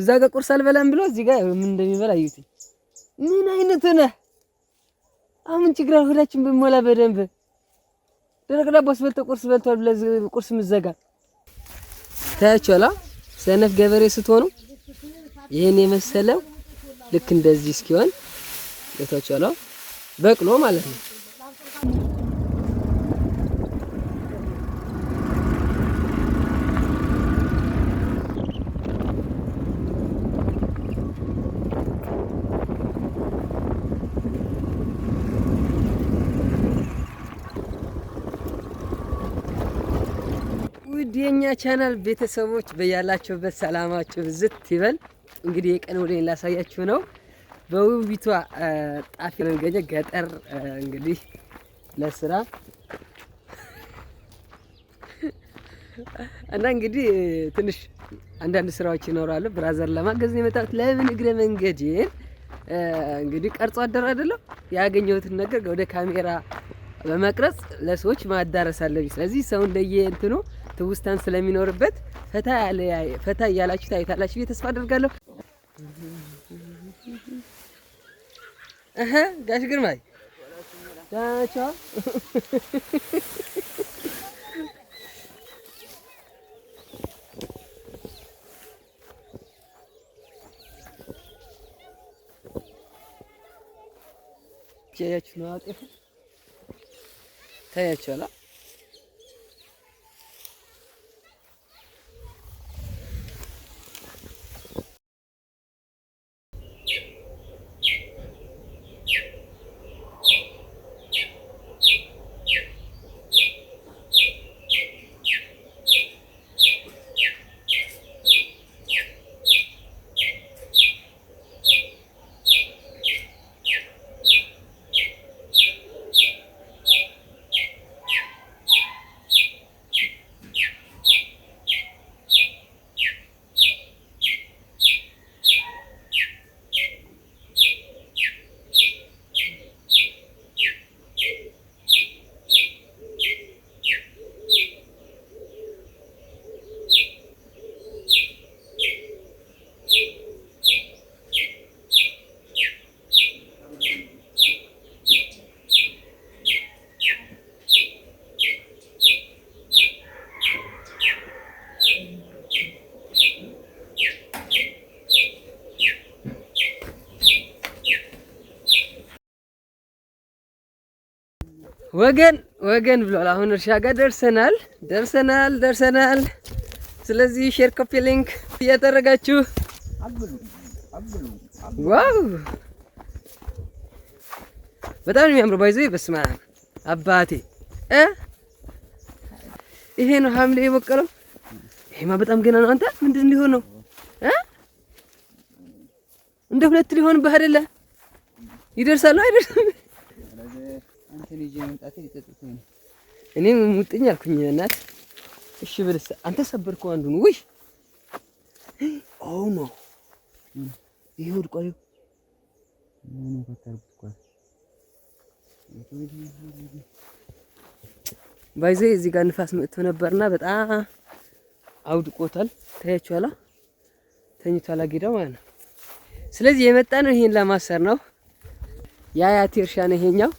እዛ ጋር ቁርስ አልበላም ብሎ እዚህ ጋር ምን እንደሚበላ እዩት። ምን አይነት ነህ አሁን ችግር ሁላችን ብንሞላ በደንብ ደረቅ ዳቦስ በልቶ ቁርስ በልቷል ብለህ ቁርስ ምዘጋ ታያችኋላ። ሰነፍ ገበሬ ስትሆኑ ይህን የመሰለው ልክ እንደዚህ እስኪሆን ታያችኋላ። በቅሎ ማለት ነው። ውድ የኛ ቻናል ቤተሰቦች በያላችሁበት ሰላማችሁ ብዝት ይበል። እንግዲህ የቀን ወደ ላሳያችሁ ነው። በውቢቷ ጣፊ መንገኘ ገጠር እንግዲህ ለስራ እና እንግዲህ ትንሽ አንዳንድ ስራዎች ይኖራሉ። ብራዘር ለማገዝ ነው የመጣሁት። ለምን እግረ መንገዴን እንግዲህ ቀርጾ አደር አይደለም ያገኘሁትን ነገር ወደ ካሜራ በመቅረጽ ለሰዎች ማዳረስ አለብኝ። ስለዚህ ሰው እንደየ እንትኑ ትውስታን ስለሚኖርበት ፈታ ያለ ፈታ እያላችሁ ታይታላችሁ ብዬ ተስፋ አደርጋለሁ። ጋሽ ግርማይ ቻው። ያያችሁ ነው አጤፉ ታያችኋላ። ወገን ወገን ብሏል። አሁን እርሻ ጋር ደርሰናል ደርሰናል ደርሰናል። ስለዚህ ሼር ኮፒ ሊንክ እያደረጋችሁ ዋው በጣም የሚያምሩ ባይዞ በስማ አባቴ እ ይሄ ነው ሐምሌ የበቀለው። ይሄማ በጣም ገና ነው። አንተ ምንድን ሊሆን ነው? እንደ ሁለት ሊሆን ባህደለ ይደርሳል ነው አይደርስም? እንትን ይዤ መምጣቴ ሊጠጡት ነው። እኔም ሙጥኝ አልኩኝ። እናት እሺ ብልስ አንተ ሰበርከው አንዱን። ውይ ኦው ነው ይሄ ወድቋል። ባይዘ እዚህ ጋር ንፋስ መጥቶ ነበርና በጣም አውድቆታል። ታያችኋላ ማለት ነው። ስለዚህ የመጣ ነው ይሄን ለማሰር ነው። የአያቴ እርሻ ነው ይሄኛው።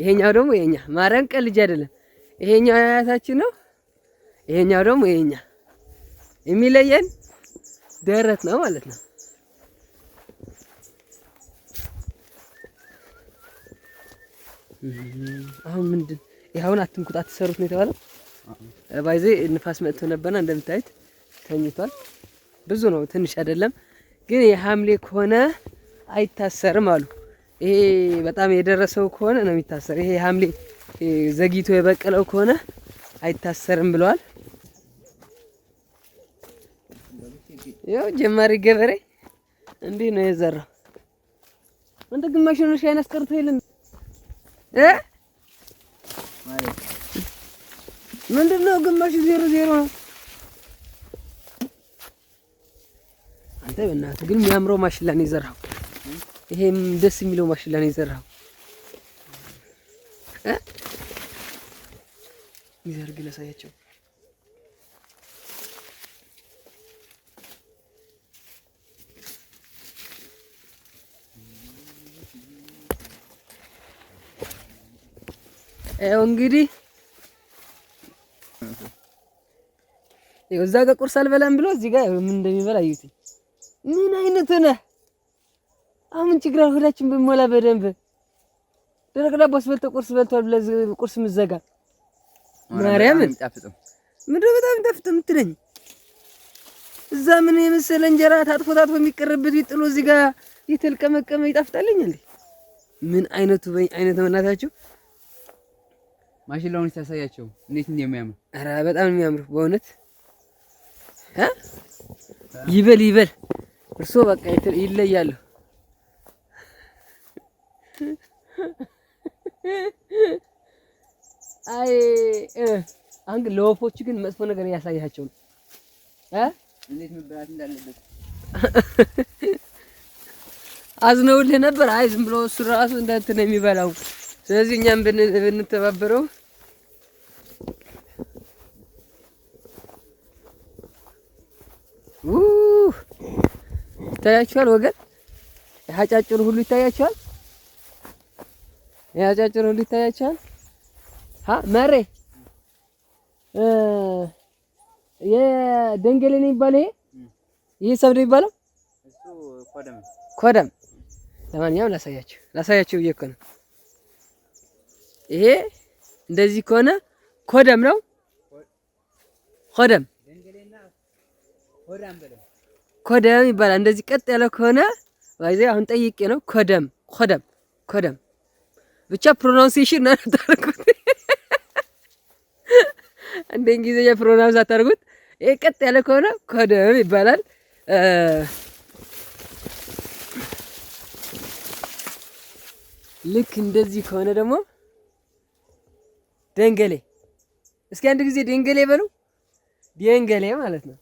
ይሄኛው ደግሞ ይሄኛ ማረንቀ ልጅ አይደለም። ይሄኛው አያታችን ነው። ይሄኛው ደግሞ ይሄኛ የሚለየን ደረት ነው ማለት ነው። አሁን ምንድን ይሄውን አትንኩጣት ሰሩት ነው የተባለው። ባይዜ ንፋስ መጥቶ ነበርና እንደምታዩት ተኝቷል። ብዙ ነው ትንሽ አይደለም ግን የሐምሌ ከሆነ አይታሰርም አሉ። ይሄ በጣም የደረሰው ከሆነ ነው የሚታሰር። ይሄ ሐምሌ ዘግይቶ የበቀለው ከሆነ አይታሰርም ብለዋል። ያው ጀማሪ ገበሬ እንዲህ ነው የዘራው። አንተ ግማሹን ሻይን አስቀርቶ የለን እ ምንድን ነው ግማሹ ዜሮ ዜሮ ነው። አንተ በእናትህ ግን የሚያምረው ማሽላን የዘራው ይሄም ደስ የሚለው ማሽላ ነው የዘራው። ይዘርግ ለሳያቸው ያው እንግዲህ እዛ ጋር ቁርስ አልበላም ብሎ እዚህ ጋር ምን እንደሚበላ እዩት። ምን አይነት ነህ? አሁን ችግር ሁላችን ብንሞላ በደንብ ደረቅ ዳቦ ስበልተው ቁርስ በልተዋል ብለህ ቁርስ ምዘጋ ማርያምን ምንድን በጣም ጠፍጥ የምትለኝ? እዛ ምን የመሰለ እንጀራ ታጥፎ ታጥፎ የሚቀርብበት ጥሎ እዚህ ጋር የተልቀመቀመ ይጣፍጣልኝ እንዴ! ምን አይነቱ በይ አይነት ነው ማሽላውን ሲያሳያቸው እንዴት እንደሚያምር ኧረ በጣም የሚያምር በእውነት ይበል ይበል። እርሶ በቃ ይለያሉ አይ አንግ ግን ለወፎቹ ግን መጥፎ ነገር እያሳያቸው ነው። እንዴት መብራት እንዳለበት አዝነውልህ ነበር። አይ ዝም ብሎ እሱ ራሱ እንዳንተ ነው የሚበላው። ስለዚህ እኛም ብንተባበረው ይታያችኋል ወገን፣ ሀጫጭሩ ሁሉ ይታያችኋል። ያጫጭሩ ሊታያቻል ይታያችኋል። አ መሬ የደንገሌ ነው የሚባለው ይሄ ይሄ ሰብዶ የሚባለው ኮደም ኮደም። ለማንኛውም ላሳያችሁ ላሳያችሁ ብዬ እኮ ነው። ይሄ እንደዚህ ከሆነ ኮደም ነው። ኮደም ኮደም ይባላል። እንደዚህ ቀጥ ያለው ከሆነ ባይዘ አሁን ጠይቄ ነው ኮደም ኮደም ኮደም ብቻ ፕሮናንሴሽን አታርጉት። እንደ እንግሊዝኛ ፕሮናንስ አታርጉት። ይሄ ቀጥ ያለ ከሆነ ኮደም ይባላል። ልክ እንደዚህ ከሆነ ደግሞ ደንገሌ። እስኪ አንድ ጊዜ ደንገሌ በሉ። ደንገሌ ማለት ነው።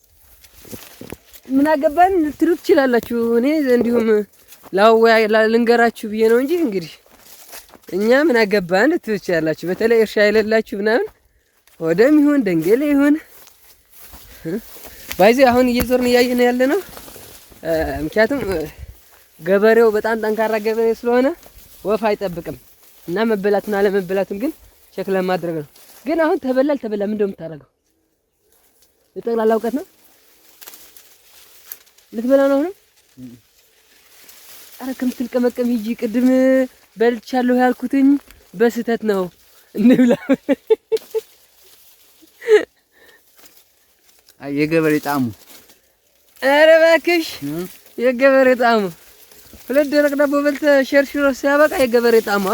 ምን አገባን ልትሉ ትችላላችሁ። እኔ እንዲሁም ላወያ ልንገራችሁ ብዬ ነው እንጂ እንግዲህ እኛ ምን አገባን ልትሉ ያላችሁ በተለይ እርሻ የሌላችሁ ምናምን ወደም ይሁን ደንገሌ ይሁን ባይዜ አሁን እየዞርን እያየን ያለ ነው። ምክንያቱም ገበሬው በጣም ጠንካራ ገበሬ ስለሆነ ወፍ አይጠብቅም እና መበላትና አለመበላትም ግን ቼክ ለማድረግ ነው። ግን አሁን ተበላል ተበላ ምንድነው የምታደርገው? የጠቅላላ እውቀት ነው። ልትበላ ነው አሁንም። ኧረ ከምትልቀመቀም ሂጂ ቅድም በልቻለሁ ያልኩትኝ በስህተት ነው። እንብላ። አይ የገበሬ ጣሙ። ኧረ እባክሽ የገበሬ ጣሙ። ሁለት ደረቅ ዳቦ በልተ ሸርሽሮ ሲያበቃ የገበሬ ጣሙ።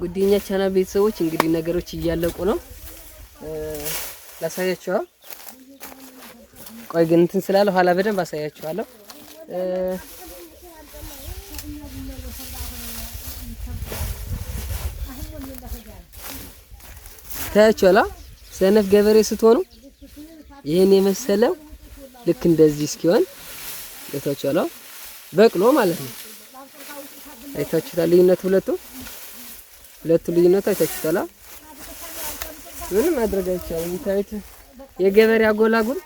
ጉዲኛ ቻና ቤተሰቦች እንግዲህ ነገሮች እያለቁ ነው። ላሳያችኋል ቆይ ግን እንትን ስላለ ኋላ በደንብ አሳያችኋለሁ። ታያችኋላ። ሰነፍ ገበሬ ስትሆኑ ይህን የመሰለው ልክ እንደዚህ እስኪሆን አይታችኋላ። በቅሎ ማለት ነው። አይታችሁታል። ልዩነት ሁለቱ ሁለቱ ልዩነት አይታችሁታል። ምንም ማድረግ አይቻልም። የገበሬ አጎላጉል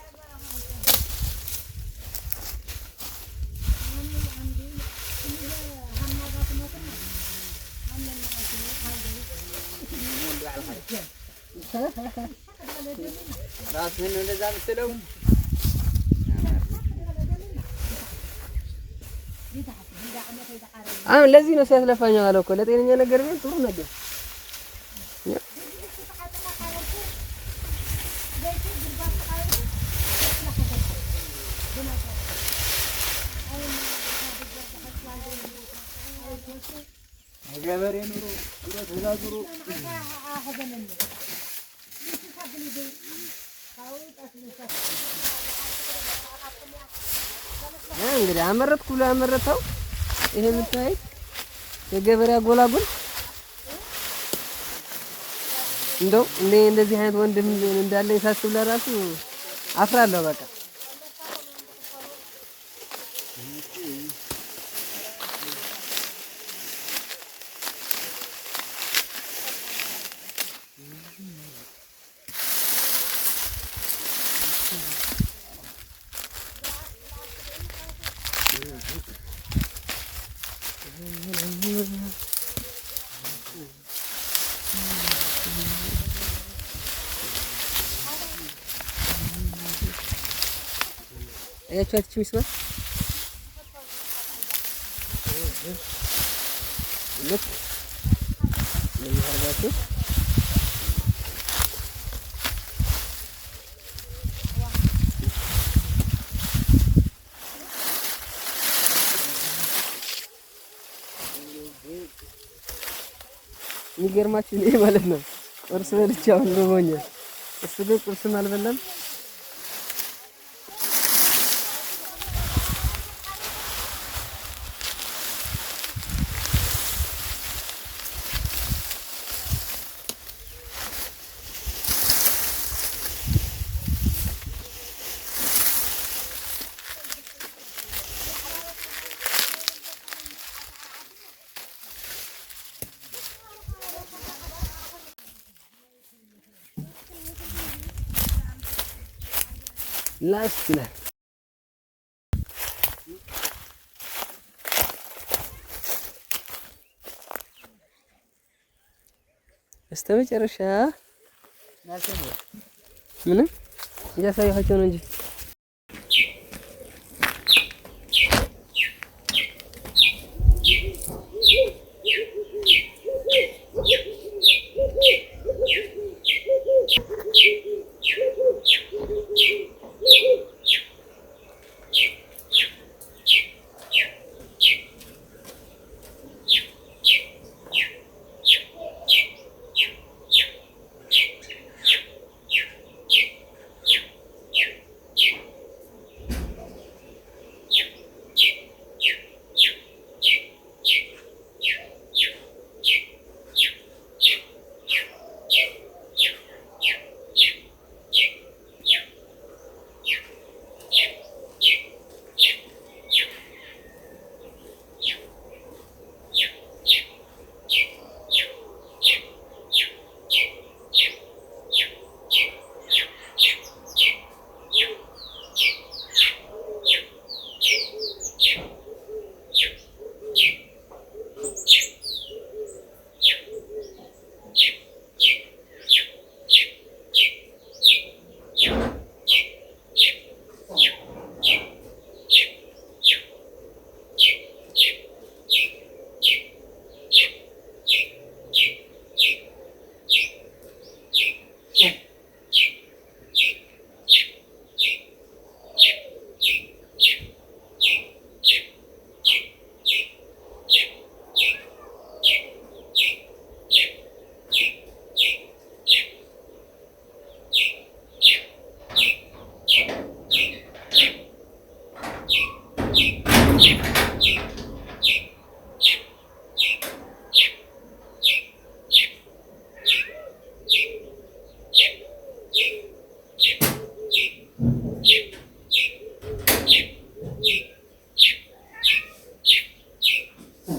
ራስህን እንደዛ ምትለው አሁን ለዚህ ነው ሲያስለፋኝ ዋለ እኮ ለጤነኛ ነገር ቢሆን ጥሩ ነገር Thank you. ገበሬ ኑሮ ዙረት ዛዙሩ እንግዲህ አመረትኩ ብሎ ያመረተው ይሄ የምታዩት የገበሬ አጎላጎል እንደው እንደዚህ አይነት ወንድም እንዳለኝ ሳስብ ለራሱ አፍራለሁ በቃ። አያችኋት ሚስማር የሚገርማችሁ እኔ ማለት ነው ቁርስ በልቼ አሁን ርቦኛል። እሱ ግን ቁርስም አልበላም። ላስ ይላል። እስከ መጨረሻ ምንም እያሳየኋቸው ነው እንጂ